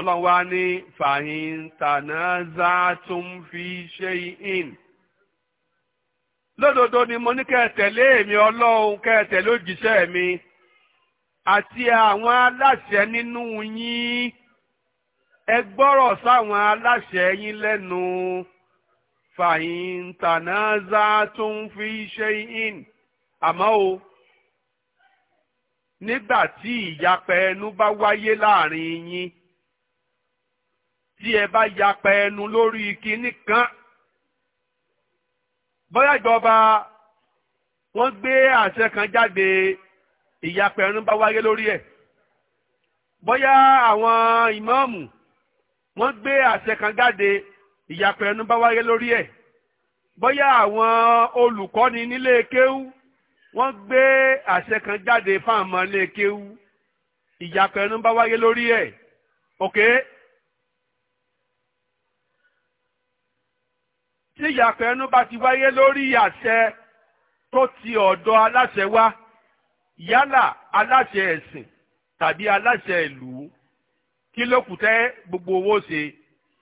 ọlọ́run wá ní fàhín tànázátum fi shay'in lódodo ni mo ní kẹ́ ẹ ọlọ́run kẹ́ ẹ mi àti àwọn aláṣẹ nínú yín ẹ gbọ́rọ̀ sáwọn aláṣẹ yín lẹ́nu fàhín tànázátum fi in. àmọ́ o nígbà tí ìyapa ẹnu bá wáyé láàrin yín tí ẹ bá yapa ẹnu lórí kinní kan bóyá ìjọba wọ́n gbé àṣẹ kan jáde ìyapa ẹnu bá wáyé lórí ẹ̀ bóyá àwọn ìmáàmù wọ́n gbé àṣẹ kan jáde ìyapa ẹnu bá wáyé lórí ẹ̀ bóyá àwọn olùkọ́ni nílé kéwú wọ́n gbé àṣẹ kan jáde fáwọn ọmọ ilé kéwú ìyapa ẹnu bá wáyé lórí ẹ̀ òkè. Okay? tí ìyàpẹ̀ ẹnu bá ti wáyé lórí àṣẹ tó ti ọ̀dọ̀ aláṣẹ wá yálà aláṣẹ ẹ̀sìn tàbí aláṣẹ ìlú kí ló kù tẹ́ gbogbo owó ṣe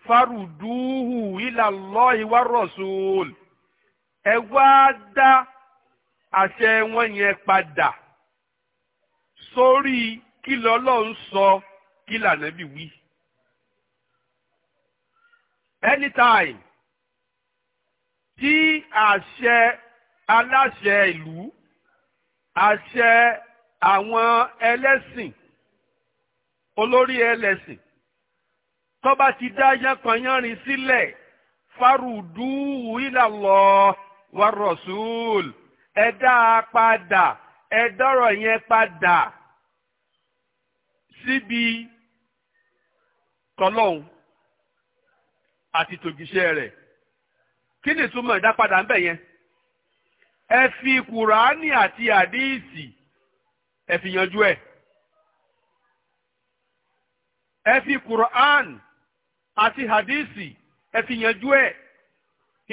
faruduhu ila Allahi wa rasul ẹ wá dá àṣẹ wọn yẹn padà sórí kí lọ́lọ́run sọ kí lànà bí wí. anytime tí àṣẹ aláṣẹ ìlú àṣẹ àwọn ẹlẹ́sìn olórí ẹlẹ́sìn tó bá ti dá yánkanyánrin sílẹ̀ fárùdúù ilallah wa rasul ẹ dá a padà ẹ dọ́rọ̀ yẹn padà síbi tọ́lọ́hún àti tòjíṣẹ́ rẹ̀ kí ni ìtumọ̀ ìdápadà ń bẹ̀ yẹn ẹ fi kùránì àti àdíìsì ẹ fi yanjú ẹ ẹ fi kùránì àti àdíìsì ẹ fi yanjú ẹ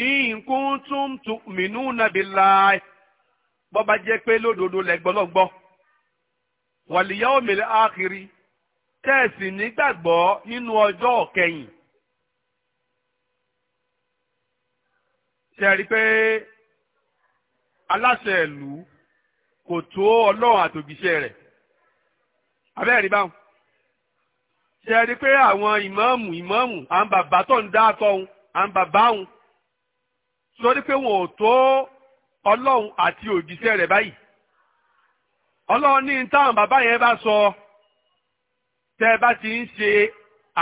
in kuntum tu'minuna billahi bó bá jẹ́ pé lódodo lẹ́gbọ́n lọ́gbọ́ wal yawmil tẹ̀sí nígbàgbọ́ nínú ọjọ́ ọ̀kẹyìn ṣe rí i pé aláṣẹ ìlú kò tó ọlọ́run àtòjíṣẹ́ rẹ̀ abẹ́rẹ́ báwọn ṣe rí i pé àwọn ìmáàmù ìmáàmù à ń bàbá tó ń dá àtọ̀ òun à ń bàbá òun sórí pé wọn ò tó ọlọ́run àti òjíṣẹ́ rẹ̀ báyìí ọlọ́run ní táwọn bàbá yẹn bá sọ tẹ́ ẹ bá ti ń ṣe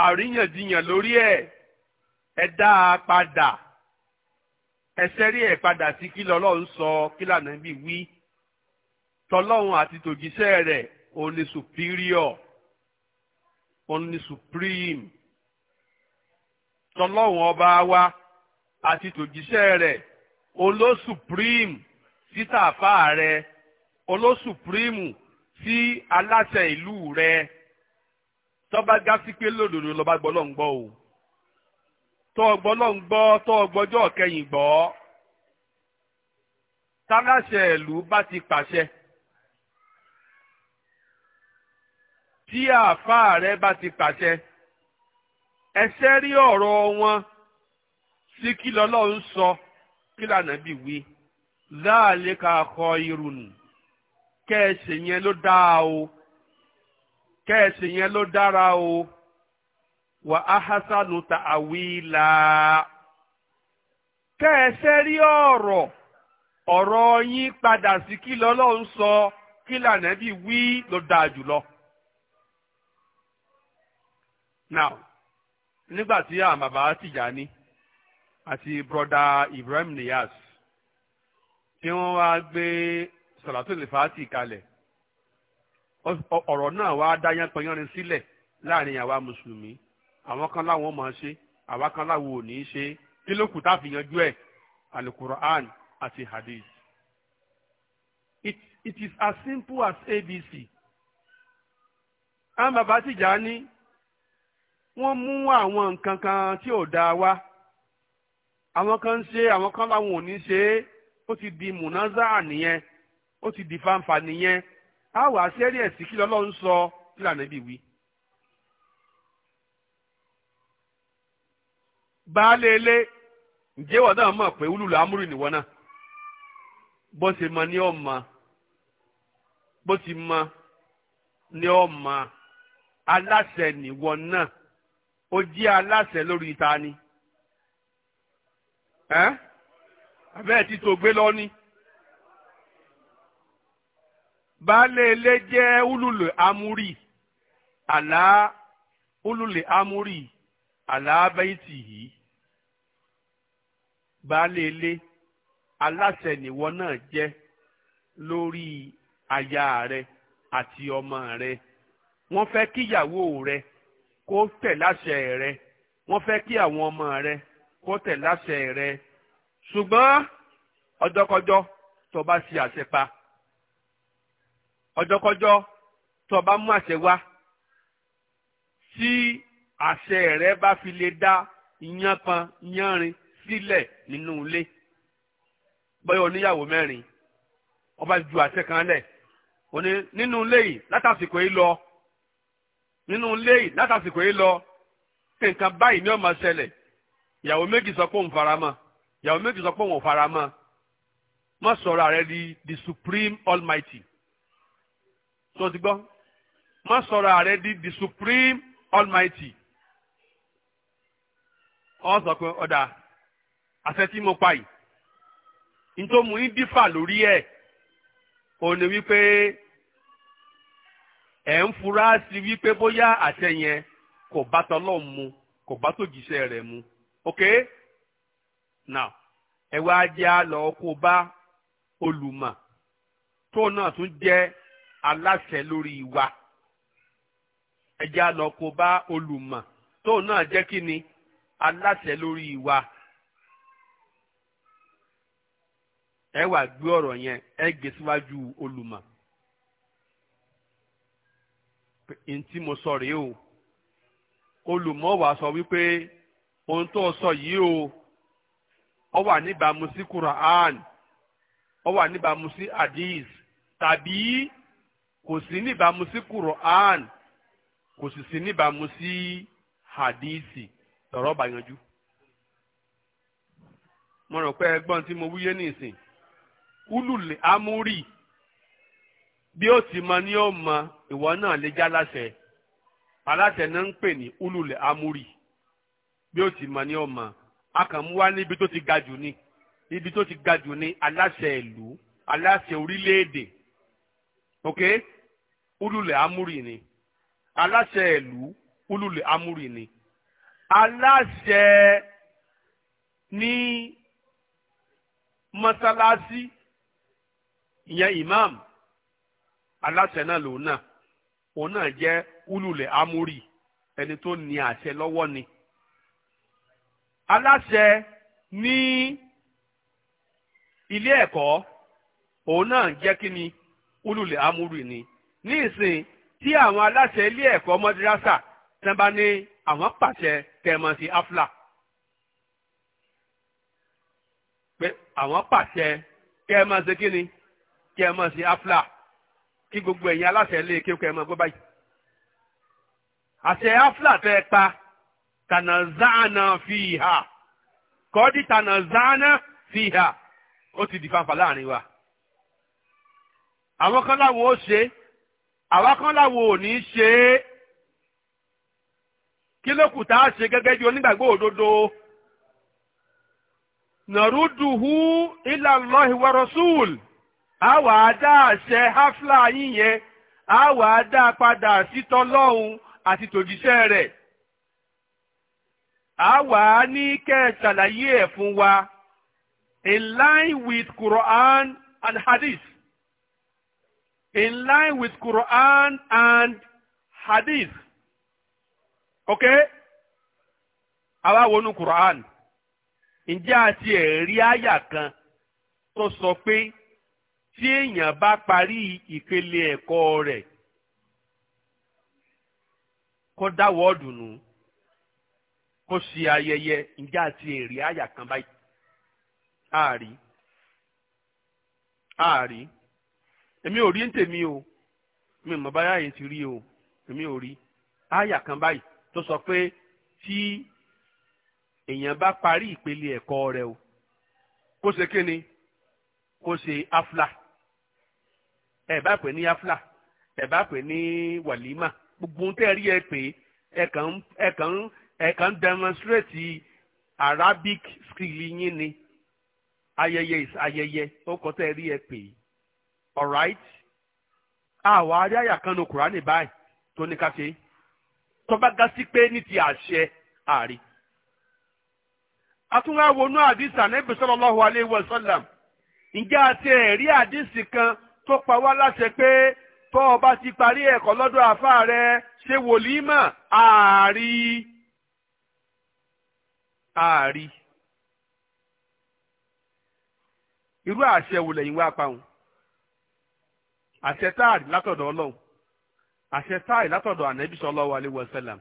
àríyànjiyàn lórí ẹ̀ ẹ dá a padà ẹsẹ̀ rí ẹ̀ padà sí kí lọ́lọ́run sọ kí l'Ànábì wí tọ́lọ́run àti tòjíṣẹ́ rẹ̀ òun ni superior òun ni supreme tọ́lọ́run ọba wa àti tòjíṣẹ́ rẹ̀ òun ló supreme sí tàfà rẹ̀ òun ló supreme sí aláṣẹ ìlú rẹ̀ tọ́ba gásí pé lòdòdó lọ́ba gbọ́ lọ́n gbọ́ o tó lọ́n gbọ́ tó kẹyìn gbọ́ táláṣẹ ìlú bá ti pàṣẹ tí àáfàá rẹ bá ti pàṣẹ ẹsẹ rí ọ̀rọ̀ wọn sí kí lọ́lọ́run sọ kí l'Ànábì wí láàlékà kọ irun kẹ́ẹ̀sì yẹn ló dáa o kẹ́ẹ̀sì yẹn ló dára o wà á hasanu ta àwílà kẹ́ẹ̀ṣẹ́ rí ọ̀rọ̀ ọ̀rọ̀ yín padà sí kí lọ́lọ́run sọ kí lànàbí wí ló dáa jùlọ. now nígbà tí àmàbà Tìjàní àti broda Ibrahim Niyas tí wọ́n wá gbé sàlátùlì fàátì kalẹ̀ ọ̀rọ̀ náà wá dá yánpọnyánrin sílẹ̀ láàrin àwa mùsùlùmí àwọn kan láwọn máa ṣe àwa kan láwọn ò ní ṣe kí ló kù tá a fi yanjú ẹ̀ alukur'an àti hadith. It, it is as simple as ABC. àwọn bàbá tìjà ní wọ́n mú àwọn nǹkan kan tí ò dáa wá àwọn kan ń ṣe àwọn kan láwọn ò ní ṣe é ó ti di mùnázà nìyẹn ó ti di fanfa nìyẹn á wà á sẹ́rí ẹ̀ sí kí lọ́lọ́run sọ kí ibi wí. baálé nje ǹjẹ́ ìwọ náà mọ̀ pé wúlùlù amúrì nìwọ náà bó ṣe mọ ní ọmọ ti aláṣẹ nìwọ náà o aláṣẹ ni ẹ́ abẹ́ẹ̀ tí gbé lọ ni àlàábẹ́ìtì yìí baálé ilé aláṣẹ nìwọ náà jẹ́ lórí aya rẹ àti ọmọ rẹ wọ́n fẹ́ kíyàwó rẹ kó tẹ̀ láṣẹ rẹ wọ́n fẹ́ kí àwọn ọmọ rẹ kó tẹ̀ láṣẹ rẹ ṣùgbọ́n ọjọ́kọjọ́ tó bá ṣe àṣẹ pa ọjọ́kọjọ́ tó bá mú àṣẹ wá sí. Si, àṣẹ rẹ bá fi lè dá iyán kan yánrin sílẹ̀ nínú ilé bọ́yọ̀ oníyàwó mẹ́rin ọba ju àṣẹ kan lẹ̀ òní nínú ilé yìí látàsìkò yìí lọ nínú ilé yìí látàsìkò yìí lọ nǹkan báyìí ni ó máa ṣẹlẹ̀ ìyàwó méjì sọ pé òun fara mọ́ ìyàwó méjì sọ pé òun ò fara mọ́ má sọ̀rọ̀ ààrẹ di the supreme almighty tó ti gbọ́ má sọ̀rọ̀ ààrẹ di the supreme almighty. ọ sọ pé ọ̀dà àṣẹ tí mo pa yìí nítorí mo ń dífà lórí ẹ̀ ò ní wípé ẹ̀ ń fura sí wípé bóyá àṣẹ yẹn kò bá tọ́lọ́run mu kò bá tòjíṣẹ́ rẹ̀ mu ok now ẹ wá jẹ́ kó bá olùmọ̀ tó náà tún jẹ́ aláṣẹ lórí wa ẹ jẹ́ kó bá olùmọ̀ tó náà jẹ́ kí ni aláṣẹ lórí wa ẹ wá gbé ọ̀rọ̀ yẹn ẹ gbé síwájú olùmọ̀ ntí mo sọ rèé o olùmọ̀ wá sọ wípé ohun tó sọ yìí o wa wà níbàámu sí Quran ó wà níbàámu sí hadith tàbí kò sí níbàámu sí Quran kò sì sí níbàámu sí hadisi lọ́rọ̀ bá yanjú mo rò pé ẹgbọ́n tí mo wúyé nìsín ulùlẹ̀ amúrì bí ó ti mọ ní ó mọ ìwọ náà lè já láṣẹ aláṣẹ náà ń pè ní ulùlẹ̀ amúrì bí ó ti mọ ní ó mọ akànmúwá níbi tó ti ga jù ni ibi tó ti ga jù ni aláṣẹ ìlú aláṣẹ orílẹ̀-èdè ok ulùlẹ̀ amúrì ni aláṣẹ ìlú ulùlẹ̀ amúrì ni aláṣẹ ní mọ́sálásí ìyẹn imam aláṣẹ náà lòun náà òun náà jẹ́ ululẹ̀ amúrì ẹni tó ní àṣẹ lọ́wọ́ ni aláṣẹ ní ilé ẹ̀kọ́ òun náà jẹ́ kí ni ululẹ̀ amúrì ni ní ìsìn tí àwọn aláṣẹ ilé ẹ̀kọ́ mọ́dírásà tí bá ní àwọn pàṣẹ kẹmọ sí afla pé àwọn pàṣẹ kẹmọ sí kíni kẹmọ sí afla kí gbogbo ẹ̀yin aláṣẹ lè kí kẹmọ gbọ́ báyìí. àṣẹ afla tẹ́ pa tànàzáàna fi hà kọ́dí tànàzáàna fi hà ó ti di fanfa láàrin wa. àwọn kan láwọn ó ṣe àwa kan láwọn ò ní ṣe é kí ló kù tá a ṣe gẹ́gẹ́ bí onígbàgbọ́ òdodo nàrúdùhù ìlàlọ́hì wa rasul a wà á dá àṣẹ hafla yín yẹn a wà á dá padà sítọ́lọ́hún àti tòjíṣẹ́ rẹ̀ a wà ní kẹ́ ẹ ṣàlàyé ẹ̀ fún wa in line with Quran and Hadith in line with Quran and Hadith. ok àwa wọnú Quran ǹjẹ́ àti ẹ̀rí àyà kan tó sọ pé tí èèyàn bá parí ìpele ẹ̀kọ́ rẹ̀ kó dáwọ́ dùnú kó ṣe ayẹyẹ ǹjẹ́ àti ẹ̀rí àyà kan báyìí àárí àárí èmi ò rí ń tèmi o mi ò mọ̀ báyà yẹn ti rí o èmi ò rí àyà kan báyìí tó sọ pé tí èèyàn bá parí ìpele ẹ̀kọ́ rẹ̀ o kó ṣe kí ni kó ṣe afla ẹ bá pè ní afla ẹ bá pè ní wàlímà gbogbo tẹ́ rí ẹ pé ẹ kàn ẹ kàn ẹ demonstrate Arabic skill yín ni ayẹyẹ is ayẹyẹ ó kọ́ tẹ́ rí ẹ pé alright àwọn aráyà kan ní Kùránì báyìí tó ní ká ṣe tó bá ga sí pé ní ti àṣẹ àrí. àtúnwá wọnú àdìsí ànábì sallallahu alayhi wa sallam ǹjẹ́ àti ẹ̀rí àdìsí kan tó pa wá láṣẹ pé tó o bá ti parí ẹ̀kọ́ lọ́dọ̀ àfáà rẹ ṣe wòlímà àárí àárí irú àṣẹ wò lẹ́yìn wá pa wọn àṣẹ táàrí látọ̀dọ̀ ọlọ́run àṣẹ táì látọ̀dọ̀ ànábì sallallahu alaihi wasallam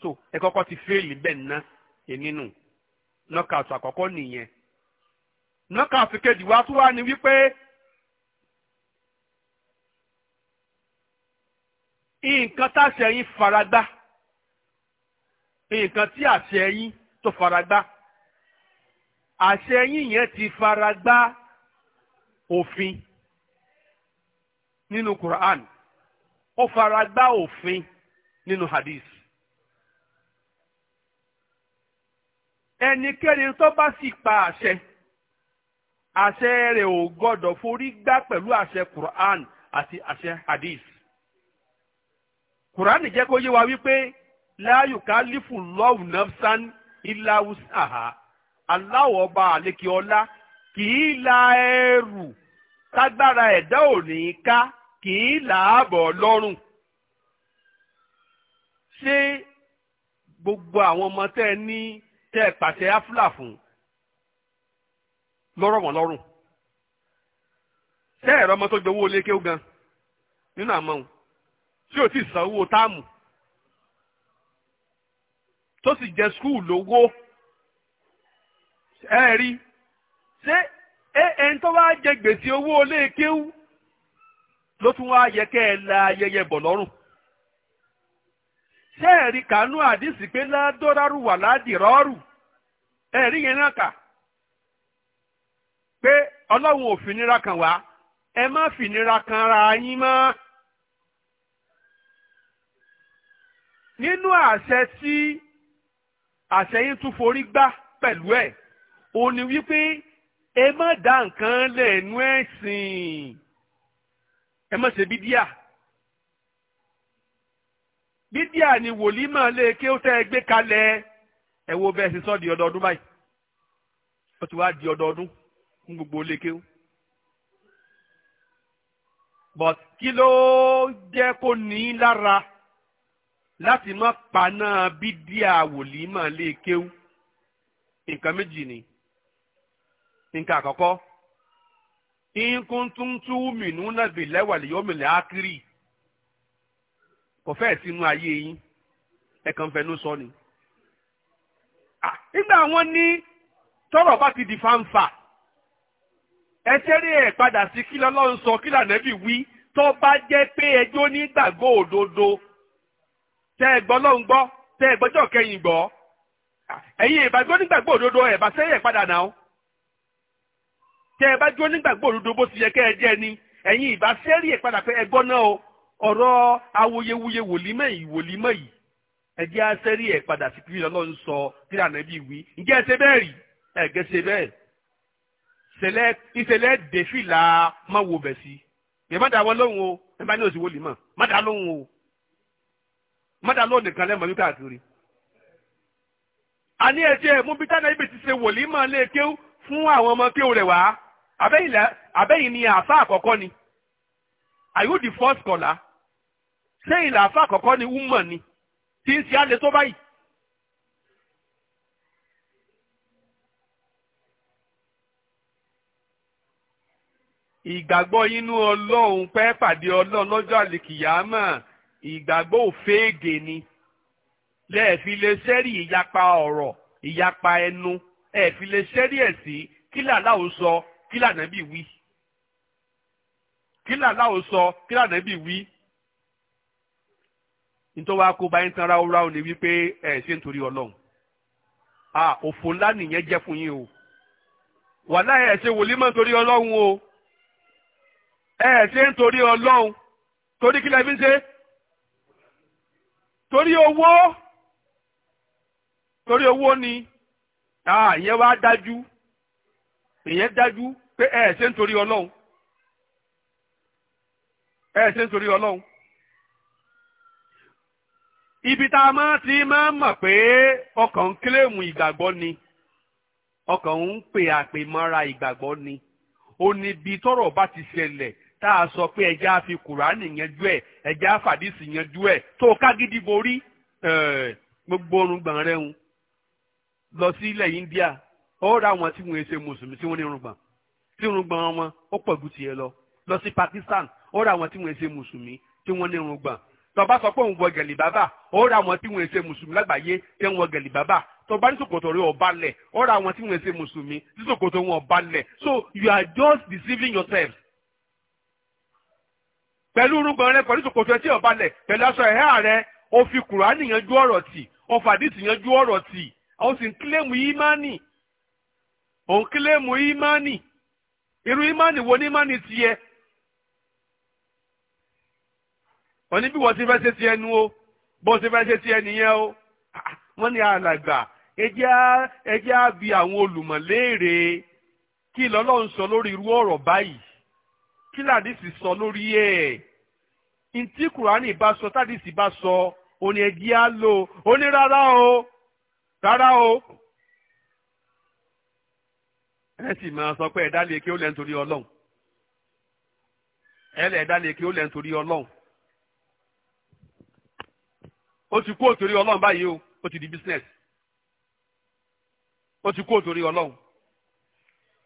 so ẹ kọ́kọ́ ti fẹ́ẹ̀lì bẹ́ẹ̀ ná ẹ̀nínú nọ́kàtù àkọ́kọ́ nìyẹn nọ́kàtù kejì wá tún wá ní wípé nǹkan táṣẹ yín faragbá nǹkan tí àṣẹ yín tó faragbá àṣẹ yín yẹn ti faragbá òfin nínú Quran. ó fara gbá òfin nínú hadith. ẹnikẹ́ni tó bá sì pa àṣẹ àṣẹ rẹ̀ ò gbọ́dọ̀ forí gbá pẹ̀lú àṣẹ Quran àti àṣẹ hadith. Quran jẹ́ kó yé wa wípé la yukallifu Allahu nafsan illa wus'aha Allahu ọba àlekè ọlá kì í la ẹrù tágbára ẹ̀dá ò ní ká kì í làábọ̀ lọ́rùn ṣé gbogbo àwọn ọmọ tẹ́ ẹ ní tẹ́ ẹ pàṣẹ áfúlà fún lọ́rọ̀ wọ́n lọ́rùn tẹ́ ẹ̀rọ ọmọ tó gbowó lékè ó gan nínú àmọ́ òun tí ò tí san owó táàmù tó sì jẹ skul lówó ẹ rí ṣé ẹ ẹ ń tọ́ wá jẹ gbèsè owó lékè ó. ló tún wá yẹ kẹ́ ẹ la ayẹyẹ bọ̀ lọ́rùn. ṣé ẹ̀rí kànú àdìsí pé ládọ́rárù wà ládìrọ́rù ẹ̀rí yẹn náà kà pé ọlọ́run ò fìnira kan wá ẹ má fìnira kan ra yín mọ́. nínú àṣẹ tí àṣẹ yín tún forí gbá pẹ̀lú ẹ̀ òun ni wípé ẹ má dá nǹkan lẹ́nu ẹ̀sìn ẹ má ṣe bídíà bídíà ni wòlímà lè ké ó tẹ́ ẹ gbé kalẹ̀ ẹ wo bẹ́ẹ̀ ṣe sọ́ di ọdọọdún báyìí ó ti wá di ọdọọdún fún gbogbo lè ké ó. but kí ló jẹ́ kó ní lára láti má paná bídíà wòlímà lè ké ó nǹkan méjì ni nǹkan àkọ́kọ́ in kuntum tu'minuna billahi wal yawmil akhir kò fẹ́ sínú ayé yín ẹ kàn fẹnu sọ ni. Ah, nígbà wọn ní tọ́rọ̀ bá ti di fanfa ẹ ṣeré ẹ padà sí kí lọ́lọ́run sọ kí lànàbì wí tó bá jẹ́ pé ẹjọ́ nígbàgbọ́ òdodo tẹ́ ẹ gbọ́ lọ́hùn gbọ́ tẹ́ ẹ gbọ́jọ́ kẹyìn gbọ́ ah, ẹ̀yin ìbàgbọ́ nígbàgbọ́ òdodo ẹ̀ bá sẹ́yẹ̀ padà náà tẹ́ ẹ bá dúró nígbàgbọ́ òdodo bó ti yẹ kẹ́ ẹ jẹ́ ni ẹ̀yin ìbá sẹ́rí ẹ̀ padà pé ẹ gbọ́ náà o ọ̀rọ̀ awuyewuye wòlímọ̀ yìí wòlímọ̀ yìí ẹ jẹ́ asẹ́rí ẹ̀ padà sí kí Ọlọ́run sọ kí Ànábì wí ǹjẹ́ ẹ ṣe bẹ́ẹ̀ rí ẹ gẹ́ ṣe bẹ́ẹ̀ ìṣẹ̀lẹ̀ dèfìlà máa wo bẹ̀ sí ẹ má dá wọn lóhùn o ẹ bá ní òsì wòlímọ̀ má dá lóhùn o má dá lóhùn nìkan lẹ́mọ̀ wípé àkiri àní ẹ̀jẹ̀ mú bí tánà ibi ti ṣe wòlímọ̀ lé fún àwọn ọmọ kéw wá abẹ́yìn ni àfa àkọ́kọ́ ni are you the first caller sẹ́yìn là àfa àkọ́kọ́ ni woman ni tí ń ṣe á lè tó báyìí. ìgbàgbọ́ inú ọlọ́run pẹ́ pàdé ọlọ́run lọ́jọ́ àlèkìyàmà ìgbàgbọ́ òféègè ni lẹ́ẹ̀fi lè sẹ́rí ìyapa ọ̀rọ̀ ìyapa ẹnu ẹ̀fi lè sẹ́rí ẹ̀ sí kí làlá ò sọ Kila lànàbí wí kila làláwo sọ kila lànàbí wí nítorí wàá kó báyìí tán ráúráú ni wípé ẹ ṣe ń torí ọlọ́run a òfò ńlá nìyẹn jẹ́ fún yín o wàhálà ẹ ṣe wòlíì mọ́ torí ọlọ́run o ẹ ṣe ń torí ọlọ́run torí kí lẹ ń ṣe torí owó torí owó ni ìyẹn wá dájú ìyẹn dájú pé ẹ ṣe ń torí ọlọ́run ẹ ṣe ń torí ọlọ́run ibi tá a máa ti máa mọ̀ pé ọkàn ń kílèmù ìgbàgbọ́ ni ọkàn ń pè àpèmọ́ra ìgbàgbọ́ ni ó ní bí tọ́rọ̀ bá ti ṣẹlẹ̀ tá a sọ pé ẹja fi kùránì yanjú ẹ ẹja fàdísì yanjú ẹ tó o kágídí borí gbogbo orun gbọ̀n rẹ̀ ń lọ sí ilẹ̀ India ó ra àwọn tí wọ́n ṣe mùsùlùmí tí wọ́n ní irun gbọ̀n tí irùngbọ̀n wọn ó pọ̀ ju tiẹ̀ lọ lọ sí Pakistan ó ra àwọn tí wọ́n ṣe mùsùlùmí tí wọ́n ní irùngbọ̀n tó bá sọ pé òun wọ gẹ̀lì bàbà ó ra àwọn tí wọ́n ṣe mùsùlùmí lágbàáyé tí wọ́n gẹ̀lì bàbà tó ní ṣòkòtò rẹ̀ ọba lẹ̀ ó ra àwọn tí wọ́n ṣe mùsùlùmí tí ṣòkòtò wọn ọba lẹ̀ so you are just deceiving yourself. pẹ̀lú irùngbọ̀n rẹ pẹ̀lú ṣòkòtò ẹtí ọba lẹ̀ pẹ̀lú aṣọ ẹ̀hẹ́ rẹ o fi kùránì yanjú ọ̀rọ̀ tì o fàdísì yanjú ọ̀rọ̀ tì o sì ń kílẹ̀mù ìmánì o ń kílẹ̀mù ìmánì irú ìmánì wo ní ìmánì tiẹ̀ wọ́n ní bí wọ́n ti fẹ́ ṣe tiẹ̀ nu o bó ṣe fẹ́ ṣe tiẹ̀ nìyẹn o wọ́n ní alàgbà ẹjẹ́ á bi àwọn olùmọ̀ léèrè kí lọ́lọ́run sọ lórí irú ọ̀rọ̀ báyìí kí làdìsí sọ lórí ẹ̀ ntí kùránì bá sọ tàdìsí bá sọ òní ẹjẹ́ á lò ó ní rárá o rárá o ẹ sì máa sọ pé ẹ̀dá lè kí ó lẹ́ nítorí ọlọ́run ẹlẹ́ ẹ̀dá lè kí ó lẹ́ nítorí ọlọ́run ó ti kú òtòrí ọlọ́run báyìí o ó ti di business ó ti kú òtòrí ọlọ́run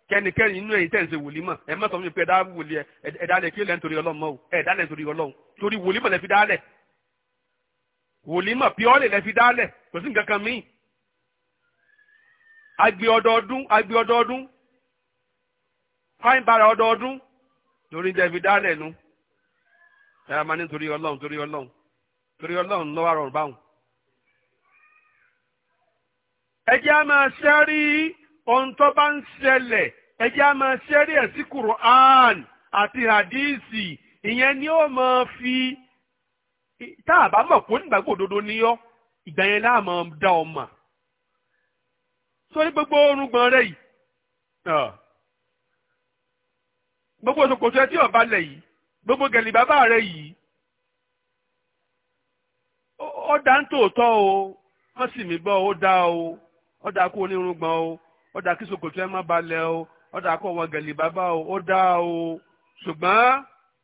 kẹ́nikẹ́ni inú ẹ̀yin tẹ̀sí wòlímọ̀ ẹ má sọ fún mi pé ẹ̀dá wòlíẹ ẹ̀dá lè kí ó lẹ́ nítorí ọlọ́run mọ́ o ẹ̀dá lẹ́ nítorí ọlọ́run torí wòlímọ̀ lẹ́ fi dálẹ̀ wòlímọ̀ píọ́lì lẹ́ fi dálẹ̀ kò sí nǹkan kan míì agbe ọdọọdún agbe ọdọọdún fáìn bára ọdọọdún lórí dẹ́bi dálẹ̀ nu ẹ̀rọ máa ní torí ọlọ́run torí ọlọ́run torí ọlọ́run lọ́wọ́ àrọ̀ báwọn. ẹ jẹ́ á máa ṣẹ́rí ohun tó bá ń ṣẹlẹ̀ ẹ jẹ́ á máa ṣẹ́rí ẹ̀ sí Quran àti hadisi ìyẹn ni ó máa fi tá a bá mọ̀ kó nígbàgbọ́ òdodo níyọ́ ìgbà yẹn láà máa dá ọ mà. sórí gbogbo orúngbọ̀n rẹ̀ yìí. gbogbo ṣòkòtò ẹ ọba lẹ yìí gbogbo gẹ̀lì bàbá rẹ yìí ó dá ń tòótọ́ o wọ́n sì mí gbọ́ ó dá o ó dá kó onírúgbọ̀n o ó dá kí ṣòkòtò ẹ má lẹ o ó dá kó wọn gẹ̀lì bàbá o ó dá o ṣùgbọ́n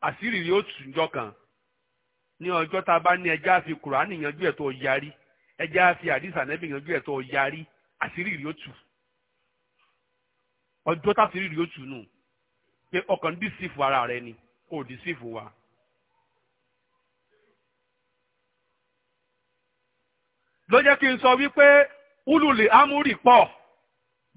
àṣírí jọ ní ọjọ́ tá a bá ní àfi kùránì yanjú ẹ̀ tó yarí àfi àdìsá nẹ́bí yanjú ẹ̀ tó yarí àṣírí ọjọ́ tá pé ọkàn dísìfù ara rẹ ni kò dísìfù wa. ló jẹ́ kí n sọ wípé ulùlì amúrì pọ̀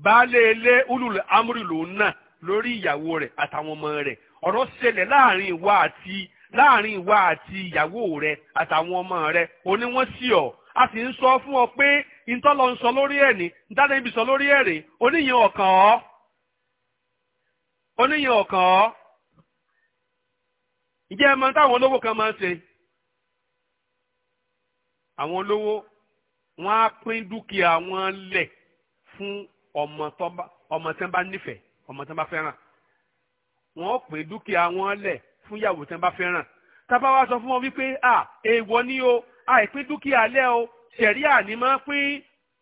baálé ilé ulùlì amúrì lòun náà lórí ìyàwó rẹ̀ àtàwọn ọmọ rẹ̀ ọ̀rọ̀ ṣẹlẹ̀ láàrin ìwà àti láàrin ìwà àti ìyàwó rẹ̀ àtàwọn ọmọ rẹ̀ oníwọ́n sí ọ a sì ń sọ fún ọ pé ntọ́lọ ń sọ lórí ẹ̀ ní ntálẹ́bí sọ lórí ẹ̀ rè oníyàn ọ̀kan ọ́ oníyàn ọ̀kàn ọ́ ǹjẹ́ ẹ mọ táwọn olówó kan máa ń ṣe àwọn olówó wọn á pín dúkìá wọn lẹ̀ fún ọmọ tó bá ọmọ tí wọn bá nífẹ̀ẹ́ ọmọ tí wọn bá fẹ́ràn wọn ó pín dúkìá wọn lẹ̀ fún ìyàwó tí wọn bá fẹ́ràn tábà wá sọ fún wọn wípé à èèwọ̀ ni o àìpín dúkìá lẹ̀ o ṣẹ̀ríà ni máa pín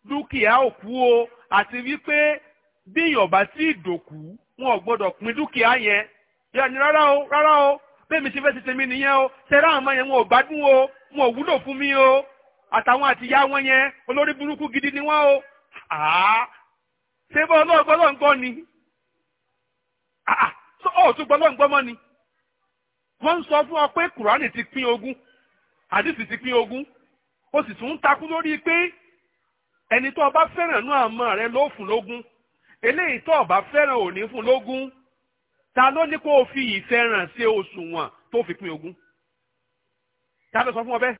dúkìá òkú o àti wípé bí ìyọ̀bá tí ì wọn ò gbọ́dọ̀ pín dúkìá yẹn bí ẹni rárá o rárá o bẹ́ẹ̀ mi ti fẹ́ ti tèmi nìyẹn o tẹ̀rẹ́ àwọn ọmọ yẹn wọn ò gbádùn o wọn ò wúlò fún mi o àtàwọn àtìyá wọn yẹn olórí burúkú gidi ni wọn o ṣé bọ́ ọlọ́ọ̀gbọ́ lọ́n gbọ́ ni ọ̀tún gbọ́ lọ́n gbọ́ mọ́ ni wọ́n ń sọ fún ọ pé kùránì ti pín ogún àdìsí ti pín ogún ó sì tún takú lórí pé ẹni tó o fẹ́ràn náà mọ́ rẹ ló lógún eléyìí tó o bá fẹ́ràn òní fún lógún ta ló ní kó o fi ìfẹ́ràn ṣe òṣùwọ̀n tó fi pín ogún ta ló sọ fún ọ bẹ́ẹ̀